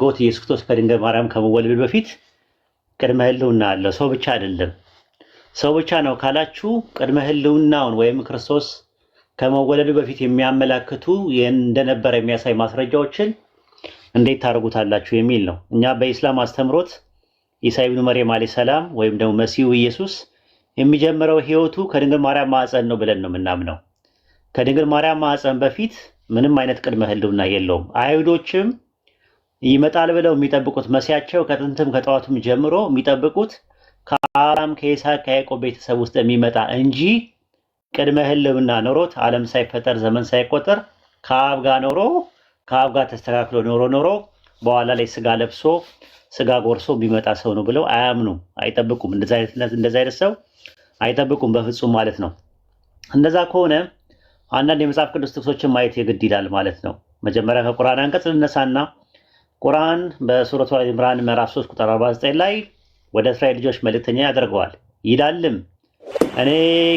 ጎት ኢየሱስ ክርስቶስ ከድንግል ማርያም ከመወለዱ በፊት ቅድመ ህልውና አለው። ሰው ብቻ አይደለም። ሰው ብቻ ነው ካላችሁ ቅድመ ህልውናውን ወይም ክርስቶስ ከመወለዱ በፊት የሚያመላክቱ እንደነበረ የሚያሳይ ማስረጃዎችን እንዴት ታደርጉታላችሁ የሚል ነው። እኛ በኢስላም አስተምሮት ኢሳ ብኑ መርየም ዓለይሂ ሰላም ወይም ደግሞ መሲሁ ኢየሱስ የሚጀምረው ህይወቱ ከድንግል ማርያም ማዕፀን ነው ብለን ነው የምናምነው። ከድንግል ማርያም ማዕፀን በፊት ምንም አይነት ቅድመ ህልውና የለውም። አይሁዶችም ይመጣል ብለው የሚጠብቁት መሲያቸው ከጥንትም ከጠዋቱም ጀምሮ የሚጠብቁት ከአብርሃም ከይስሐቅ ከያዕቆብ ቤተሰብ ውስጥ የሚመጣ እንጂ ቅድመ ሕልውና ኖሮት ዓለም ሳይፈጠር ዘመን ሳይቆጠር ከአብ ጋር ኖሮ ከአብ ጋር ተስተካክሎ ኖሮ ኖሮ በኋላ ላይ ስጋ ለብሶ ስጋ ጎርሶ የሚመጣ ሰው ነው ብለው አያምኑም፣ አይጠብቁም። እንደዚ አይነት ሰው አይጠብቁም በፍጹም ማለት ነው። እንደዛ ከሆነ አንዳንድ የመጽሐፍ ቅዱስ ጥቅሶችን ማየት የግድ ይላል ማለት ነው። መጀመሪያ ከቁርአን አንቀጽ ልነሳና ቁርአን በሱረቱ አል ኢምራን ምዕራፍ 3 ቁጥር 49 ላይ ወደ እስራኤል ልጆች መልእክተኛ ያደርገዋል ይላልም እኔ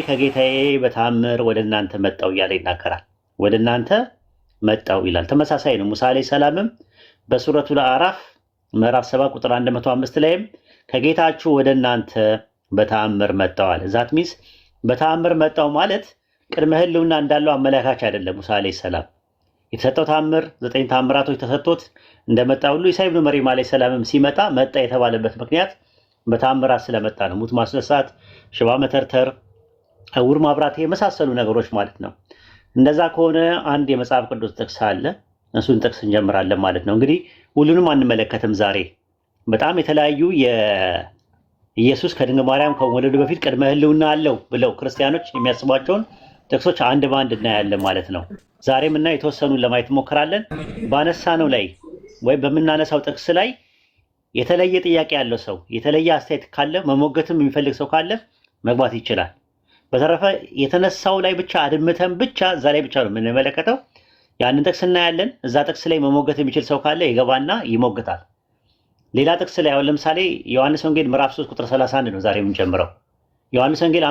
ከጌታዬ በታምር ወደ እናንተ መጣው እያለ ይናገራል። ወደ እናንተ መጣው ይላል። ተመሳሳይ ነው። ሙሳ ዓለይሂ ሰላምም በሱረቱ ለአራፍ ምዕራፍ 7 ቁጥር 105 ላይም ከጌታችሁ ወደ እናንተ በተአምር መጣዋል። ዛት ሚንስ በተአምር መጣው ማለት ቅድመ ህልውና እንዳለው አመላካች አይደለም ሙሳ ዓለይሂ ሰላም የተሰጠው ታምር ዘጠኝ ታምራቶች ተሰጥቶት እንደመጣ ሁሉ ኢሳ ኢብኑ መርየም ዓለይሂ ሰላምም ሲመጣ መጣ የተባለበት ምክንያት በታምራት ስለመጣ ነው። ሙት ማስነሳት፣ ሽባ መተርተር፣ እውር ማብራት የመሳሰሉ ነገሮች ማለት ነው። እንደዛ ከሆነ አንድ የመጽሐፍ ቅዱስ ጥቅስ አለ። እሱን ጥቅስ እንጀምራለን ማለት ነው። እንግዲህ ሁሉንም አንመለከትም ዛሬ በጣም የተለያዩ ኢየሱስ ከድንግል ማርያም ከመወለዱ በፊት ቅድመ ህልውና አለው ብለው ክርስቲያኖች የሚያስቧቸውን ጥቅሶች አንድ በአንድ እናያለን ማለት ነው። ዛሬም እና የተወሰኑን ለማየት እንሞክራለን። ነው ላይ ወይም በምናነሳው ጥቅስ ላይ የተለየ ጥያቄ ያለው ሰው የተለየ አስተያየት ካለ መሞገትም የሚፈልግ ሰው ካለ መግባት ይችላል። በተረፈ የተነሳው ላይ ብቻ አድምተን ብቻ እዛ ላይ ብቻ ነው የምንመለከተው። ያንን ጥቅስ እናያለን። እዛ ጥቅስ ላይ መሞገት የሚችል ሰው ካለ ይገባና ይሞግታል። ሌላ ጥቅስ ላይ አሁን ለምሳሌ ዮሐንስ ወንጌል ምዕራፍ 3 ቁጥር 31 ነው ዛሬ የምንጀምረው። ዮሐንስ ወንጌል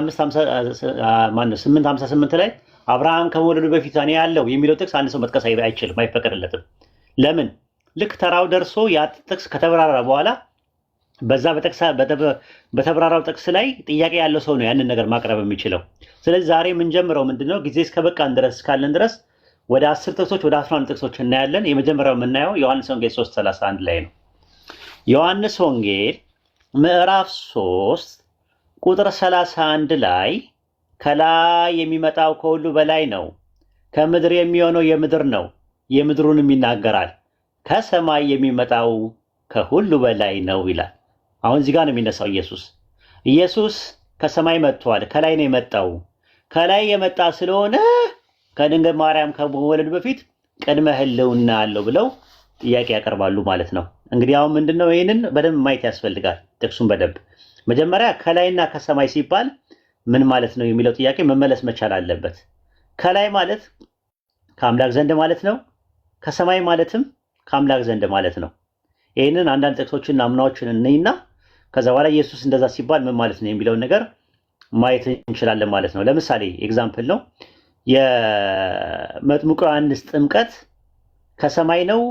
ስምንት ስምንት ላይ አብርሃም ከመወለዱ በፊት እኔ ያለው የሚለው ጥቅስ አንድ ሰው መጥቀስ አይችልም፣ አይፈቀድለትም። ለምን? ልክ ተራው ደርሶ ያ ጥቅስ ከተብራራ በኋላ በዛ በተብራራው ጥቅስ ላይ ጥያቄ ያለው ሰው ነው ያንን ነገር ማቅረብ የሚችለው። ስለዚህ ዛሬ የምንጀምረው ምንድነው? ጊዜ እስከበቃን ድረስ እስካለን ድረስ ወደ አስር ጥቅሶች ወደ አስራ አንድ ጥቅሶች እናያለን። የመጀመሪያው የምናየው ዮሐንስ ወንጌል ሶስት ላይ ነው። ዮሐንስ ወንጌል ምዕራፍ 3 ቁጥር 31 ላይ ከላይ የሚመጣው ከሁሉ በላይ ነው፣ ከምድር የሚሆነው የምድር ነው፣ የምድሩንም ይናገራል፣ ከሰማይ የሚመጣው ከሁሉ በላይ ነው ይላል። አሁን እዚህ ጋር ነው የሚነሳው ኢየሱስ። ኢየሱስ ከሰማይ መጥቷል፣ ከላይ ነው የመጣው። ከላይ የመጣ ስለሆነ ከድንግል ማርያም ከመወለዱ በፊት ቅድመ ሕልውና አለው ብለው ጥያቄ ያቀርባሉ ማለት ነው። እንግዲህ አሁን ምንድን ነው? ይህንን በደንብ ማየት ያስፈልጋል ጥቅሱን በደንብ መጀመሪያ ከላይና ከሰማይ ሲባል ምን ማለት ነው የሚለው ጥያቄ መመለስ መቻል አለበት። ከላይ ማለት ከአምላክ ዘንድ ማለት ነው። ከሰማይ ማለትም ከአምላክ ዘንድ ማለት ነው። ይህንን አንዳንድ ጥቅሶችን አምናዎችን እንይና ከዛ በኋላ ኢየሱስ እንደዛ ሲባል ምን ማለት ነው የሚለውን ነገር ማየት እንችላለን ማለት ነው። ለምሳሌ ኤግዛምፕል ነው የመጥምቁ ዮሐንስ ጥምቀት ከሰማይ ነው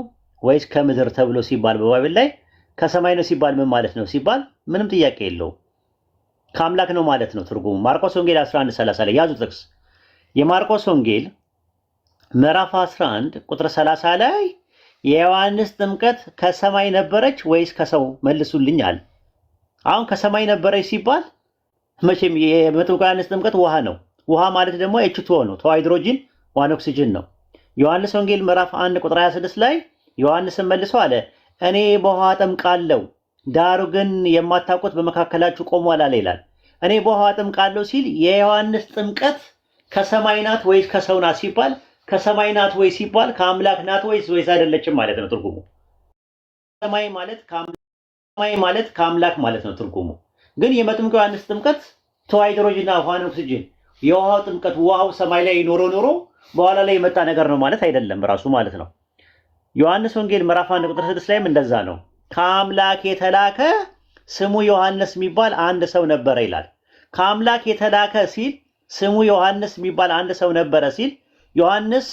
ወይስ ከምድር ተብሎ ሲባል በባይብል ላይ ከሰማይ ነው ሲባል ምን ማለት ነው ሲባል ምንም ጥያቄ የለው? ከአምላክ ነው ማለት ነው ትርጉሙ። ማርቆስ ወንጌል 11 30 ላይ ያዙ ጥቅስ የማርቆስ ወንጌል ምዕራፍ 11 ቁጥር 30 ላይ የዮሐንስ ጥምቀት ከሰማይ ነበረች ወይስ ከሰው መልሱልኝ አለ። አሁን ከሰማይ ነበረች ሲባል መቼም የመጥምቁ ዮሐንስ ጥምቀት ውሃ ነው። ውሃ ማለት ደግሞ ኤችቱኦ ነው፣ ሃይድሮጂን ዋን ኦክሲጅን ነው። ዮሐንስ ወንጌል ምዕራፍ 1 ቁጥር 26 ላይ ዮሐንስን መልሶ አለ እኔ በውሃ አጠምቃለሁ፣ ዳሩ ግን የማታውቁት በመካከላችሁ ቆሟል አለ ይላል። እኔ በውሃ አጠምቃለሁ ሲል የዮሐንስ ጥምቀት ከሰማይ ናት ወይስ ከሰው ናት ሲባል ከሰማይ ናት ወይ ሲባል ከአምላክ ናት ወይስ ወይስ አይደለችም ማለት ነው ትርጉሙ። ሰማይ ማለት ከአምላክ ማለት ነው ትርጉሙ። ግን የመጥምቁ ዮሐንስ ጥምቀት ተዋይድሮጅና ውሃን ኦክሲጅን የውሃው ጥምቀት ውሃው ሰማይ ላይ ኖሮ ኖሮ በኋላ ላይ የመጣ ነገር ነው ማለት አይደለም ራሱ ማለት ነው። ዮሐንስ ወንጌል ምዕራፍ 1 ቁጥር 6 ላይም እንደዛ ነው። ከአምላክ የተላከ ስሙ ዮሐንስ የሚባል አንድ ሰው ነበረ ይላል። ከአምላክ የተላከ ሲል ስሙ ዮሐንስ የሚባል አንድ ሰው ነበረ ሲል ዮሐንስ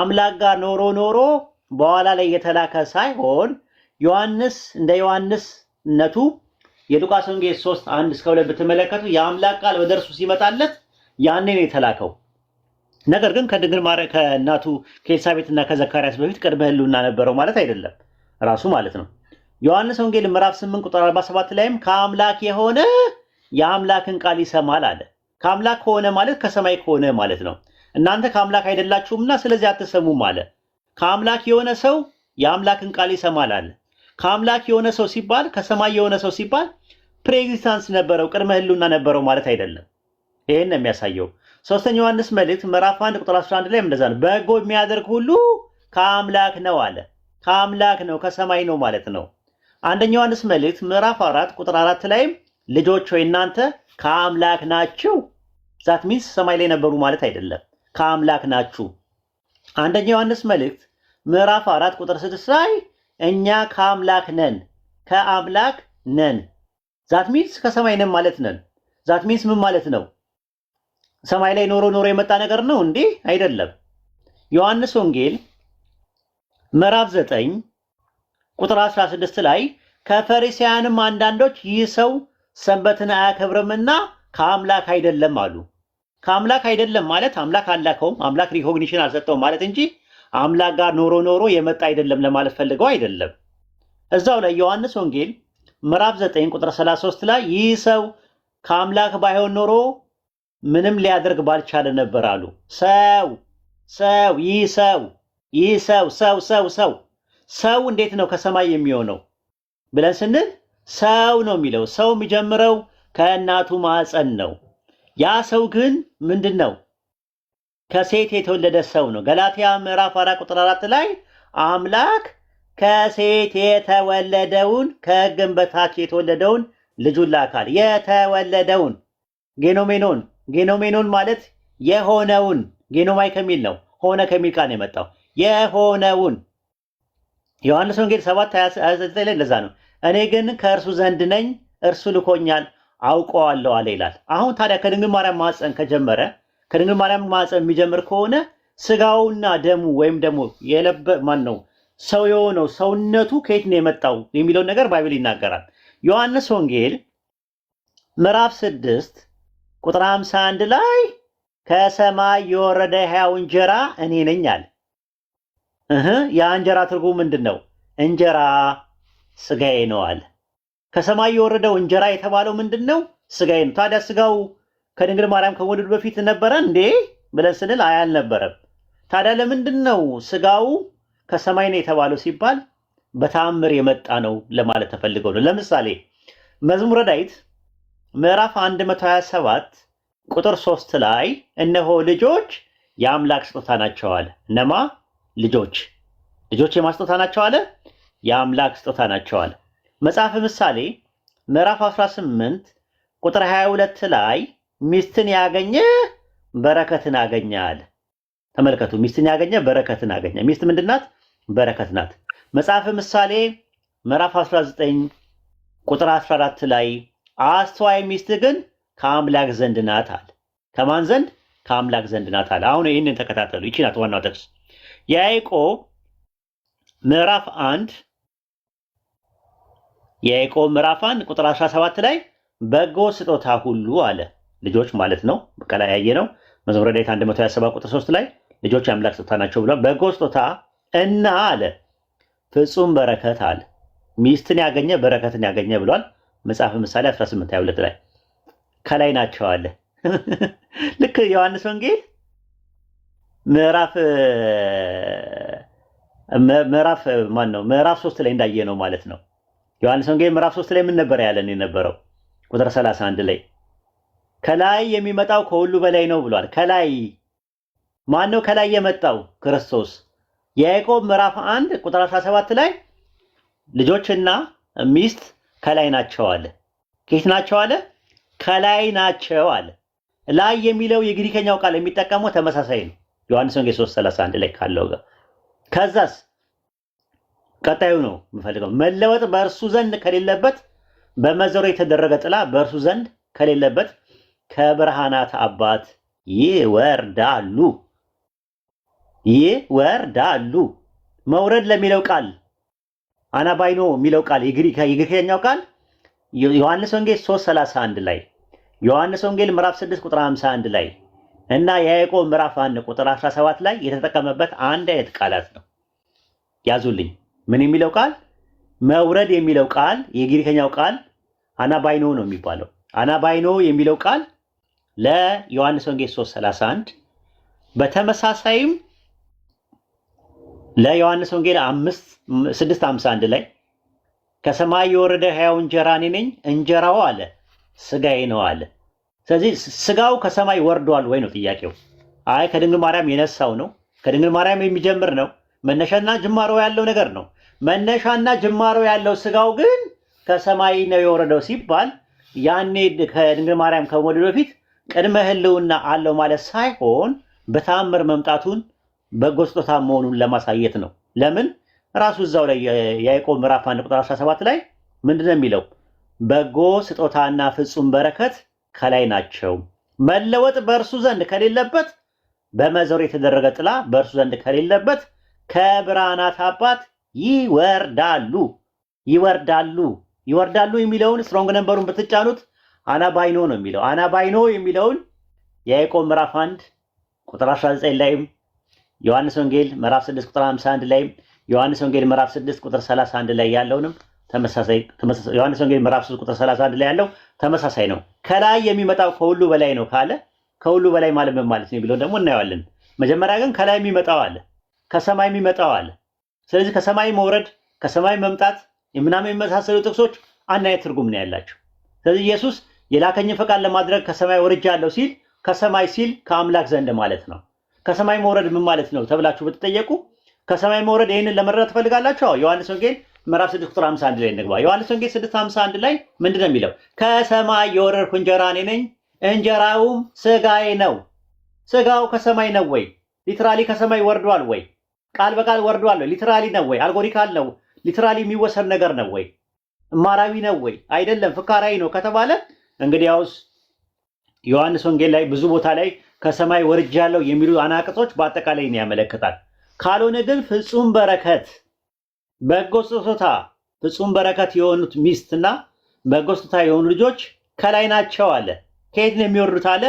አምላክ ጋር ኖሮ ኖሮ በኋላ ላይ የተላከ ሳይሆን ዮሐንስ እንደ ዮሐንስነቱ የሉቃስ ወንጌል 3 1 እስከ 2 ብትመለከቱ የአምላክ ቃል ወደ እርሱ ሲመጣለት ያኔ ነው የተላከው። ነገር ግን ከድንግል ማርያም ከእናቱ ከኤልሳቤጥና ከዘካርያስ በፊት ቅድመ ሕልውና ነበረው ማለት አይደለም ራሱ ማለት ነው። ዮሐንስ ወንጌል ምዕራፍ 8 ቁጥር 47 ላይም ከአምላክ የሆነ የአምላክን ቃል ይሰማል አለ። ከአምላክ ከሆነ ማለት ከሰማይ ከሆነ ማለት ነው። እናንተ ከአምላክ አይደላችሁምና ስለዚህ አትሰሙም አለ። ከአምላክ የሆነ ሰው የአምላክን ቃል ይሰማል አለ። ከአምላክ የሆነ ሰው ሲባል ከሰማይ የሆነ ሰው ሲባል ፕሬኤግዚስታንስ ነበረው ቅድመ ህልና ነበረው ማለት አይደለም። ይሄን ነው የሚያሳየው። ሶስተኛ ዮሐንስ መልእክት ምዕራፍ 1 ቁጥር 11 ላይ እንደዛ ነው። በጎ የሚያደርግ ሁሉ ከአምላክ ነው አለ። ከአምላክ ነው ከሰማይ ነው ማለት ነው። አንደኛ ዮሐንስ መልእክት ምዕራፍ 4 ቁጥር 4 ላይም ልጆች ሆይ እናንተ ከአምላክ ናችሁ። ዛት ሚንስ ሰማይ ላይ ነበሩ ማለት አይደለም፣ ከአምላክ ናችሁ። አንደኛ ዮሐንስ መልእክት ምዕራፍ 4 ቁጥር 6 ላይ እኛ ከአምላክ ነን፣ ከአምላክ ነን ዛት ሚንስ ከሰማይ ነን ማለት ነን። ዛት ሚንስ ምን ማለት ነው? ሰማይ ላይ ኖሮ ኖሮ የመጣ ነገር ነው እንዴ? አይደለም። ዮሐንስ ወንጌል ምዕራፍ 9 ቁጥር 16 ላይ ከፈሪሳውያንም አንዳንዶች ይህ ሰው ሰንበትን አያከብርምና ከአምላክ አይደለም አሉ። ከአምላክ አይደለም ማለት አምላክ አላከውም፣ አምላክ ሪኮግኒሽን አልሰጠውም ማለት እንጂ አምላክ ጋር ኖሮ ኖሮ የመጣ አይደለም ለማለት ፈልገው አይደለም። እዛው ላይ ዮሐንስ ወንጌል ምዕራፍ 9 ቁጥር 33 ላይ ይህ ሰው ከአምላክ ባይሆን ኖሮ ምንም ሊያደርግ ባልቻለ ነበር አሉ። ሰው ሰው ይህ ሰው ይህ ሰው ሰው ሰው ሰው ሰው እንዴት ነው ከሰማይ የሚሆነው ብለን ስንል ሰው ነው የሚለው ሰው የሚጀምረው ከእናቱ ማፀን ነው። ያ ሰው ግን ምንድን ነው? ከሴት የተወለደ ሰው ነው። ገላትያ ምዕራፍ አራት ቁጥር አራት ላይ አምላክ ከሴት የተወለደውን ከግንበታች የተወለደውን ልጁን ላካል የተወለደውን ጌኖሜኖን ጌኖሜኖን ማለት የሆነውን ጌኖማይ ከሚል ነው። ሆነ ከሚል ቃል ነው የመጣው። የሆነውን ዮሐንስ ወንጌል 7 29 ላይ እንደዛ ነው። እኔ ግን ከእርሱ ዘንድ ነኝ፣ እርሱ ልኮኛል፣ አውቀዋለሁ አለ ይላል። አሁን ታዲያ ከድንግል ማርያም ማፀን ከጀመረ ከድንግል ማርያም ማፀን የሚጀምር ከሆነ ስጋውና ደሙ ወይም ደግሞ የለበ ማን ነው ሰው የሆነው ሰውነቱ ከየት ነው የመጣው የሚለውን ነገር ባይብል ይናገራል። ዮሐንስ ወንጌል ምዕራፍ ስድስት ቁጥር 51 ላይ ከሰማይ የወረደ ሕያው እንጀራ እኔ ነኝ አለ። እህ ያ እንጀራ ትርጉም ምንድን ነው? እንጀራ ስጋዬ ነው አለ። ከሰማይ የወረደው እንጀራ የተባለው ምንድን ነው? ስጋዬ ነው። ታዲያ ስጋው ከድንግል ማርያም ከመወለዱ በፊት ነበረ እንዴ ብለን ስንል አይ አልነበረም። ታዲያ ለምንድን ነው ስጋው ከሰማይ ነው የተባለው ሲባል በተአምር የመጣ ነው ለማለት ተፈልገው ነው። ለምሳሌ መዝሙረ ዳዊት ምዕራፍ 127 ቁጥር 3 ላይ እነሆ ልጆች የአምላክ ስጦታ ናቸው አለ። እነማ ልጆች? ልጆች የማስጦታ ናቸው አለ። የአምላክ ስጦታ ናቸው አለ። መጽሐፍ ምሳሌ ምዕራፍ 18 ቁጥር 22 ላይ ሚስትን ያገኘ በረከትን አገኘ አለ። ተመልከቱ፣ ሚስትን ያገኘ በረከትን አገኘ። ሚስት ምንድን ናት? በረከት ናት። መጽሐፍ ምሳሌ ምዕራፍ 19 ቁጥር 14 ላይ አስተዋይ ሚስት ግን ከአምላክ ዘንድ ናት አለ። ከማን ዘንድ? ከአምላክ ዘንድ ናት አለ። አሁን ይህንን ተከታተሉ። ይቺ ናት ዋናው ጥቅስ የያዕቆብ ምዕራፍ አንድ የያዕቆብ ምዕራፍ አንድ ቁጥር 17 ላይ በጎ ስጦታ ሁሉ አለ ልጆች ማለት ነው። በቀላ ያየ ነው መዝሙረ ዳዊት 127 ቁጥር 3 ላይ ልጆች የአምላክ ስጦታ ናቸው ብሏል። በጎ ስጦታ እና አለ ፍጹም በረከት አለ ሚስትን ያገኘ በረከትን ያገኘ ብሏል። መጽሐፍ ምሳሌ 18 22 ላይ ከላይ ናቸው አለ። ልክ ዮሐንስ ወንጌል ምዕራፍ ማን ነው ምዕራፍ ሶስት ላይ እንዳየ ነው ማለት ነው። ዮሐንስ ወንጌል ምዕራፍ ሶስት ላይ ምን ነበር ያለን የነበረው? ቁጥር 31 ላይ ከላይ የሚመጣው ከሁሉ በላይ ነው ብሏል። ከላይ ማን ነው ከላይ የመጣው? ክርስቶስ። የያዕቆብ ምዕራፍ 1 ቁጥር 17 ላይ ልጆችና ሚስት ከላይ ናቸው አለ። ከየት ናቸው አለ? ከላይ ናቸው አለ። ላይ የሚለው የግሪከኛው ቃል የሚጠቀመው ተመሳሳይ ነው። ዮሐንስ ወንጌል 3:31 ላይ ካለው ጋር። ከዛስ ቀጣዩ ነው የምፈልገው መለወጥ በእርሱ ዘንድ ከሌለበት በመዘሮ የተደረገ ጥላ በእርሱ ዘንድ ከሌለበት ከብርሃናት አባት ይወርዳሉ ይወርዳሉ። መውረድ ለሚለው ቃል አናባይኖ የሚለው ቃል የግሪከኛው ቃል ዮሐንስ ወንጌል 3:31 ላይ ዮሐንስ ወንጌል ምዕራፍ 6 ቁጥር 51 ላይ እና የያዕቆብ ምዕራፍ 1 ቁጥር 17 ላይ የተጠቀመበት አንድ አይነት ቃላት ነው። ያዙልኝ። ምን የሚለው ቃል መውረድ የሚለው ቃል የግሪከኛው ቃል አናባይኖ ነው የሚባለው። አናባይኖ የሚለው ቃል ለዮሐንስ ወንጌል 3:31 በተመሳሳይም ለዮሐንስ ወንጌል 651 ላይ ከሰማይ የወረደ ሕያው እንጀራ እኔ ነኝ፣ እንጀራው አለ ስጋዬ ነው አለ። ስለዚህ ስጋው ከሰማይ ወርዷል ወይ ነው ጥያቄው። አይ ከድንግል ማርያም የነሳው ነው፣ ከድንግል ማርያም የሚጀምር ነው። መነሻና ጅማሮ ያለው ነገር ነው። መነሻና ጅማሮ ያለው ስጋው ግን ከሰማይ ነው የወረደው ሲባል ያኔ ከድንግል ማርያም ከመወለዱ በፊት ቅድመ ህልውና አለው ማለት ሳይሆን በተአምር መምጣቱን በጎ ስጦታ መሆኑን ለማሳየት ነው። ለምን ራሱ እዛው ላይ የያዕቆብ ምዕራፍ አንድ ቁጥር 17 ላይ ምንድን ነው የሚለው? በጎ ስጦታና ፍጹም በረከት ከላይ ናቸው፣ መለወጥ በእርሱ ዘንድ ከሌለበት፣ በመዘሩ የተደረገ ጥላ በእርሱ ዘንድ ከሌለበት፣ ከብርሃናት አባት ይወርዳሉ ይወርዳሉ ይወርዳሉ የሚለውን ስትሮንግ ነንበሩን ብትጫኑት አናባይኖ ነው የሚለው ባይኖ የሚለውን የያዕቆብ ምዕራፍ አንድ ቁጥር 19 ላይም ዮሐንስ ወንጌል ምዕራፍ 6 ቁጥር 51 ላይ ዮሐንስ ወንጌል ምዕራፍ 6 ቁጥር 31 ላይ ያለውንም ተመሳሳይ ዮሐንስ ወንጌል ምዕራፍ 6 ቁጥር 31 ላይ ያለው ተመሳሳይ ነው። ከላይ የሚመጣው ከሁሉ በላይ ነው ካለ ከሁሉ በላይ ማለት ምን ማለት ነው የሚለውን ደግሞ እናየዋለን። መጀመሪያ ግን ከላይ የሚመጣው አለ፣ ከሰማይ የሚመጣው አለ። ስለዚህ ከሰማይ መውረድ፣ ከሰማይ መምጣት ምናምን የሚመሳሰሉ ጥቅሶች አንድ አይነት ትርጉም ነው ያላቸው። ስለዚህ ኢየሱስ የላከኝን ፈቃድ ለማድረግ ከሰማይ ወርጃለሁ ሲል ከሰማይ ሲል ከአምላክ ዘንድ ማለት ነው። ከሰማይ መውረድ ምን ማለት ነው ተብላችሁ ብትጠየቁ ከሰማይ መውረድ ይህንን ለመረዳት ትፈልጋላችሁ? አዎ ዮሐንስ ወንጌል ምዕራፍ 6 ቁጥር 51 ላይ እንግባ። ዮሐንስ ወንጌል 6 51 ላይ ምንድን ነው የሚለው? ከሰማይ የወረድኩ እንጀራ እኔ ነኝ፣ እንጀራውም ስጋዬ ነው። ስጋው ከሰማይ ነው ወይ? ሊትራሊ ከሰማይ ወርዷል ወይ? ቃል በቃል ወርዷል ወይ? ሊትራሊ ነው ወይ? አልጎሪካል ነው? ሊትራሊ የሚወሰድ ነገር ነው ወይ? እማራዊ ነው ወይ? አይደለም፣ ፍካራዊ ነው ከተባለ እንግዲህ ያውስ ዮሐንስ ወንጌል ላይ ብዙ ቦታ ላይ ከሰማይ ወርጃለሁ የሚሉ አናቅጾች በአጠቃላይ ያመለክታል። ካልሆነ ግን ፍጹም በረከት በጎ ስጦታ ፍጹም በረከት የሆኑት ሚስትና በጎ ስጦታ የሆኑ ልጆች ከላይ ናቸው አለ። ከየት ነው የሚወርዱት አለ?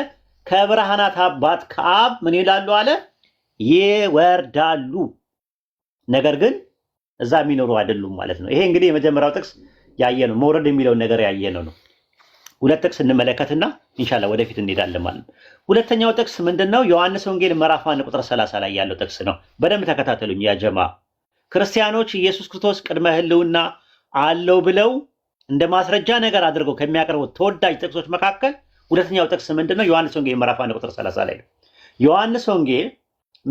ከብርሃናት አባት ከአብ ምን ይላሉ አለ? ይወርዳሉ። ነገር ግን እዛ የሚኖሩ አይደሉም ማለት ነው። ይሄ እንግዲህ የመጀመሪያው ጥቅስ ያየ ነው፣ መውረድ የሚለውን ነገር ያየ ነው ነው ሁለት ጥቅስ እንመለከትና እንሻላ ወደፊት እንሄዳለን ማለት ነው። ሁለተኛው ጥቅስ ምንድን ነው? ዮሐንስ ወንጌል ምዕራፍ አንድ ቁጥር ሰላሳ ላይ ያለው ጥቅስ ነው። በደንብ ተከታተሉኝ ያጀማ ክርስቲያኖች ኢየሱስ ክርስቶስ ቅድመ ህልውና አለው ብለው እንደ ማስረጃ ነገር አድርገው ከሚያቀርቡት ተወዳጅ ጥቅሶች መካከል ሁለተኛው ጥቅስ ምንድን ነው? ዮሐንስ ወንጌል ምዕራፍ አንድ ቁጥር ሰላሳ ላይ ነው። ዮሐንስ ወንጌል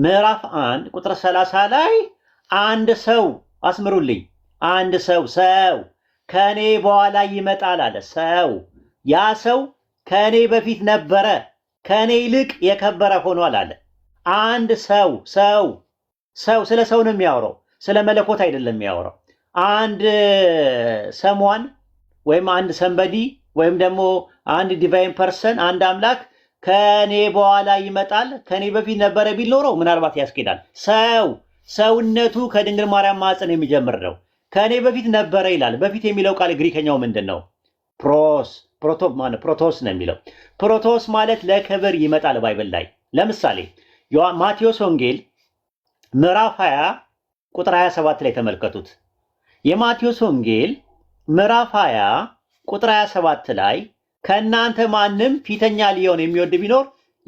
ምዕራፍ አንድ ቁጥር ሰላሳ ላይ አንድ ሰው አስምሩልኝ፣ አንድ ሰው ሰው ከእኔ በኋላ ይመጣል አለ ሰው ያ ሰው ከእኔ በፊት ነበረ፣ ከእኔ ይልቅ የከበረ ሆኗል አለ። አንድ ሰው ሰው ሰው ስለ ሰው ነው የሚያወራው፣ ስለ መለኮት አይደለም የሚያወራው። አንድ ሰሟን ወይም አንድ ሰንበዲ ወይም ደግሞ አንድ ዲቫይን ፐርሰን አንድ አምላክ ከኔ በኋላ ይመጣል ከኔ በፊት ነበረ ቢል ኖረው ምናልባት ያስኬዳል። ሰው ሰውነቱ ከድንግል ማርያም ማፀን የሚጀምር ነው። ከእኔ በፊት ነበረ ይላል። በፊት የሚለው ቃል ግሪከኛው ምንድን ነው? ፕሮስ ፕሮቶ ማነው ፕሮቶስ ነው የሚለው። ፕሮቶስ ማለት ለክብር ይመጣል ባይብል ላይ። ለምሳሌ ማቴዎስ ወንጌል ምዕራፍ 20 ቁጥር 27 ላይ ተመልከቱት። የማቴዎስ ወንጌል ምዕራፍ 20 ቁጥር 27 ላይ ከእናንተ ማንም ፊተኛ ሊሆን የሚወድ ቢኖር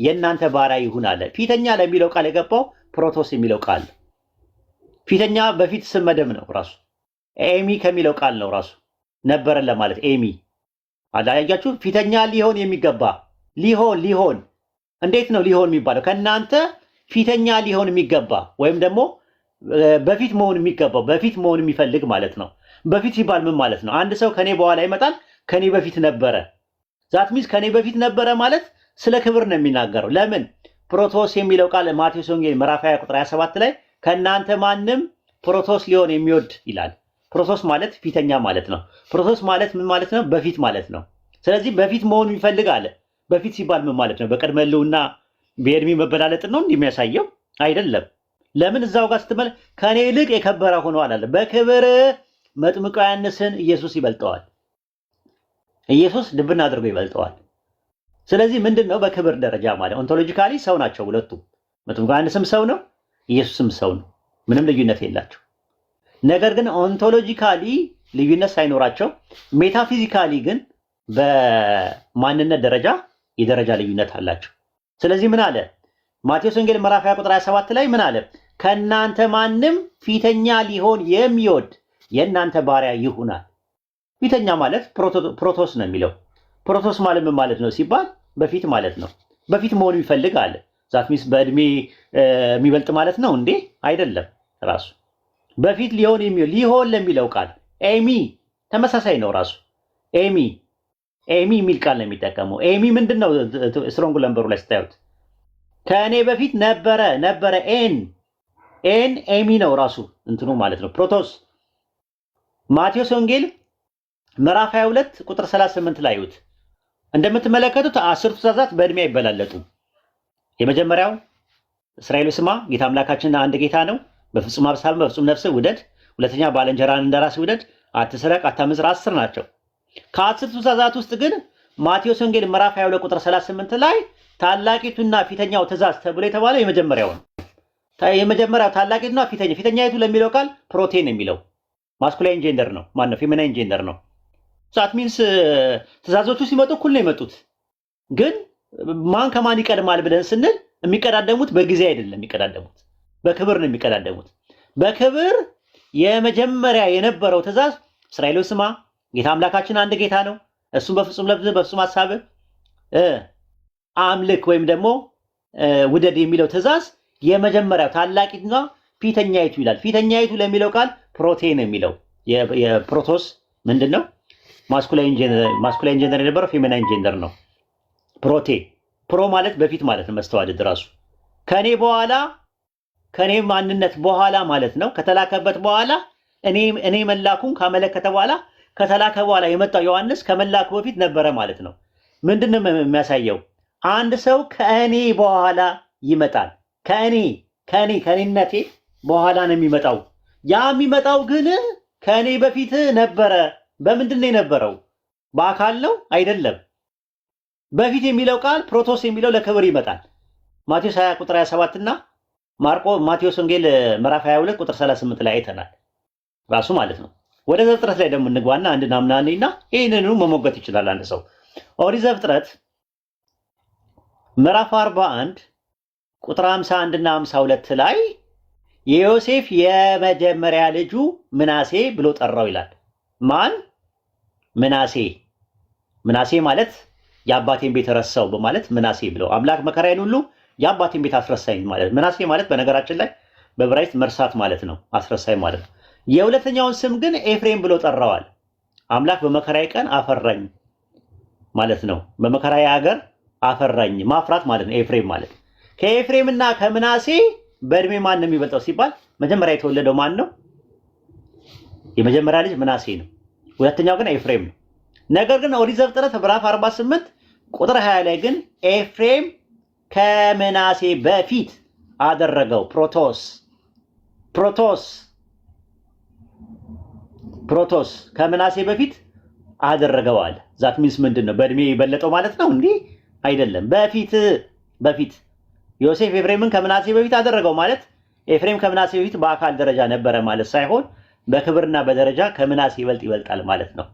የእናንተ ባሪያ ይሁን አለ። ፊተኛ ለሚለው ቃል የገባው ፕሮቶስ የሚለው ቃል ፊተኛ በፊት ስም መደብ ነው ራሱ ኤሚ ከሚለው ቃል ነው ራሱ ነበረን ለማለት ኤሚ አላያያችሁ ፊተኛ ሊሆን የሚገባ ሊሆን ሊሆን እንዴት ነው ሊሆን የሚባለው? ከእናንተ ፊተኛ ሊሆን የሚገባ ወይም ደግሞ በፊት መሆን የሚገባው በፊት መሆን የሚፈልግ ማለት ነው። በፊት ሲባል ምን ማለት ነው? አንድ ሰው ከኔ በኋላ ይመጣል። ከኔ በፊት ነበረ። ዛት ሚስ ከኔ በፊት ነበረ ማለት ስለ ክብር ነው የሚናገረው። ለምን ፕሮቶስ የሚለው ቃል ማቴዎስ ወንጌል ምዕራፍ 20 ቁጥር 27 ላይ ከእናንተ ማንም ፕሮቶስ ሊሆን የሚወድ ይላል። ፕሮሰስ ማለት ፊተኛ ማለት ነው። ፕሮሰስ ማለት ምን ማለት ነው? በፊት ማለት ነው። ስለዚህ በፊት መሆኑ ይፈልጋል። በፊት ሲባል ምን ማለት ነው? በቅድመ ሕልውና በእድሜ መበላለጥ ነው እንዲህ የሚያሳየው አይደለም። ለምን እዛው ጋር ስትመለ ከኔ ይልቅ የከበረ ሆኖ አላለ። በክብር መጥምቀ ዮሐንስን ኢየሱስ ይበልጠዋል። ኢየሱስ ልብና አድርጎ ይበልጠዋል። ስለዚህ ምንድን ነው በክብር ደረጃ ማለት ኦንቶሎጂካሊ ሰው ናቸው ሁለቱ። መጥምቀ ዮሐንስም ሰው ነው፣ ኢየሱስም ሰው ነው። ምንም ልዩነት የላቸው። ነገር ግን ኦንቶሎጂካሊ ልዩነት ሳይኖራቸው ሜታፊዚካሊ ግን በማንነት ደረጃ የደረጃ ልዩነት አላቸው። ስለዚህ ምን አለ ማቴዎስ ወንጌል ምዕራፍ 20 ቁጥር 27 ላይ ምን አለ? ከእናንተ ማንም ፊተኛ ሊሆን የሚወድ የእናንተ ባሪያ ይሁናል። ፊተኛ ማለት ፕሮቶስ ነው የሚለው ፕሮቶስ ማለት ምን ማለት ነው ሲባል በፊት ማለት ነው። በፊት መሆኑ ይፈልግ አለ ዛትሚስ በእድሜ የሚበልጥ ማለት ነው እንዴ? አይደለም ራሱ በፊት ሊሆን የሚለው ሊሆን ለሚለው ቃል ኤሚ ተመሳሳይ ነው። ራሱ ኤሚ ኤሚ የሚል ቃል ነው የሚጠቀመው። ኤሚ ምንድን ነው? ስትሮንግ ለምበሩ ላይ ስታዩት ከእኔ በፊት ነበረ ነበረ ኤን ኤን ኤሚ ነው ራሱ እንትኑ ማለት ነው። ፕሮቶስ ማቴዎስ ወንጌል ምዕራፍ 22 ቁጥር 38 ላይ ዩት እንደምትመለከቱት አስርቱ ትእዛዛት በእድሜ አይበላለጡም። የመጀመሪያው እስራኤል ስማ ጌታ አምላካችን አንድ ጌታ ነው። በፍጹም አብሳል በፍጹም ነፍስ ውደድ። ሁለተኛ ባለንጀራን እንደራስህ ውደድ። አትስረቅ፣ አታመንዝር አስር ናቸው። ከአስርቱ ትእዛዛት ውስጥ ግን ማቴዎስ ወንጌል ምዕራፍ 22 ቁጥር 38 ላይ ታላቂቱና ፊተኛው ትእዛዝ ተብሎ የተባለው የመጀመሪያው ነው። የመጀመሪያው ታላቂቱና ፊተኛ ፊተኛይቱ ለሚለው ቃል ፕሮቴን የሚለው ማስኩላይን ጄንደር ነው። ማን ነው? ፌሚናይን ጄንደር ነው። ዛት ሚንስ ትእዛዞቹ ሲመጡ እኩል ነው የመጡት። ግን ማን ከማን ይቀድማል ብለን ስንል የሚቀዳደሙት በጊዜ አይደለም የሚቀዳደሙት በክብር ነው የሚቀዳደሙት። በክብር የመጀመሪያ የነበረው ትእዛዝ እስራኤልን ስማ፣ ጌታ አምላካችን አንድ ጌታ ነው፣ እሱም በፍጹም ልብህ በፍጹም ሀሳብ አምልክ ወይም ደግሞ ውደድ የሚለው ትእዛዝ የመጀመሪያው ታላቂትና ፊተኛይቱ ይላል። ፊተኛይቱ ለሚለው ቃል ፕሮቴን የሚለው የፕሮቶስ ምንድን ነው? ማስኩላይን ጀንደር የነበረው ፌሜናይን ጀንደር ነው። ፕሮቴ ፕሮ ማለት በፊት ማለት ነው። መስተዋድድ ራሱ ከእኔ በኋላ ከእኔ ማንነት በኋላ ማለት ነው ከተላከበት በኋላ እኔ መላኩን ካመለከተ በኋላ ከተላከ በኋላ የመጣው ዮሐንስ ከመላኩ በፊት ነበረ ማለት ነው። ምንድን ነው የሚያሳየው? አንድ ሰው ከእኔ በኋላ ይመጣል። ከእኔ ከእኔ ከእኔነቴ በኋላ ነው የሚመጣው። ያ የሚመጣው ግን ከእኔ በፊት ነበረ። በምንድን ነው የነበረው? በአካል ነው አይደለም። በፊት የሚለው ቃል ፕሮቶስ የሚለው ለክብር ይመጣል። ማቴዎስ 20 ቁጥር 27 እና ማርቆ ማቴዎስ ወንጌል ምዕራፍ 22 ቁጥር 38 ላይ አይተናል ራሱ ማለት ነው። ወደ ዘፍጥረት ላይ ደግሞ እንግባና አንድ ናምናኔና ይህንኑ መሞገት ይችላል አንድ ሰው። ኦሪት ዘፍጥረት ምዕራፍ 41 ቁጥር 51 እና 52 ላይ የዮሴፍ የመጀመሪያ ልጁ ምናሴ ብሎ ጠራው ይላል። ማን ምናሴ? ምናሴ ማለት የአባቴን ቤት ረሳው በማለት ምናሴ ብለው አምላክ መከራዬን ሁሉ የአባቴን ቤት አስረሳኝ ማለት ምናሴ ማለት በነገራችን ላይ በብራይት መርሳት ማለት ነው፣ አስረሳኝ ማለት ነው። የሁለተኛውን ስም ግን ኤፍሬም ብሎ ጠራዋል። አምላክ በመከራዬ ቀን አፈራኝ ማለት ነው። በመከራዬ ሀገር አፈራኝ ማፍራት ማለት ነው ኤፍሬም ማለት። ከኤፍሬም እና ከምናሴ በእድሜ ማን ነው የሚበልጠው ሲባል መጀመሪያ የተወለደው ማን ነው? የመጀመሪያ ልጅ ምናሴ ነው። ሁለተኛው ግን ኤፍሬም ነው። ነገር ግን ኦሪት ዘፍጥረት ምዕራፍ 48 ቁጥር 20 ላይ ግን ኤፍሬም ከምናሴ በፊት አደረገው። ፕሮቶስ ፕሮቶስ ፕሮቶስ ከምናሴ በፊት አደረገዋል። ዛት ሚንስ ምንድን ነው? በእድሜ የበለጠው ማለት ነው? እንዲህ አይደለም። በፊት በፊት ዮሴፍ ኤፍሬምን ከምናሴ በፊት አደረገው ማለት ኤፍሬም ከምናሴ በፊት በአካል ደረጃ ነበረ ማለት ሳይሆን በክብርና በደረጃ ከምናሴ ይበልጥ ይበልጣል ማለት ነው።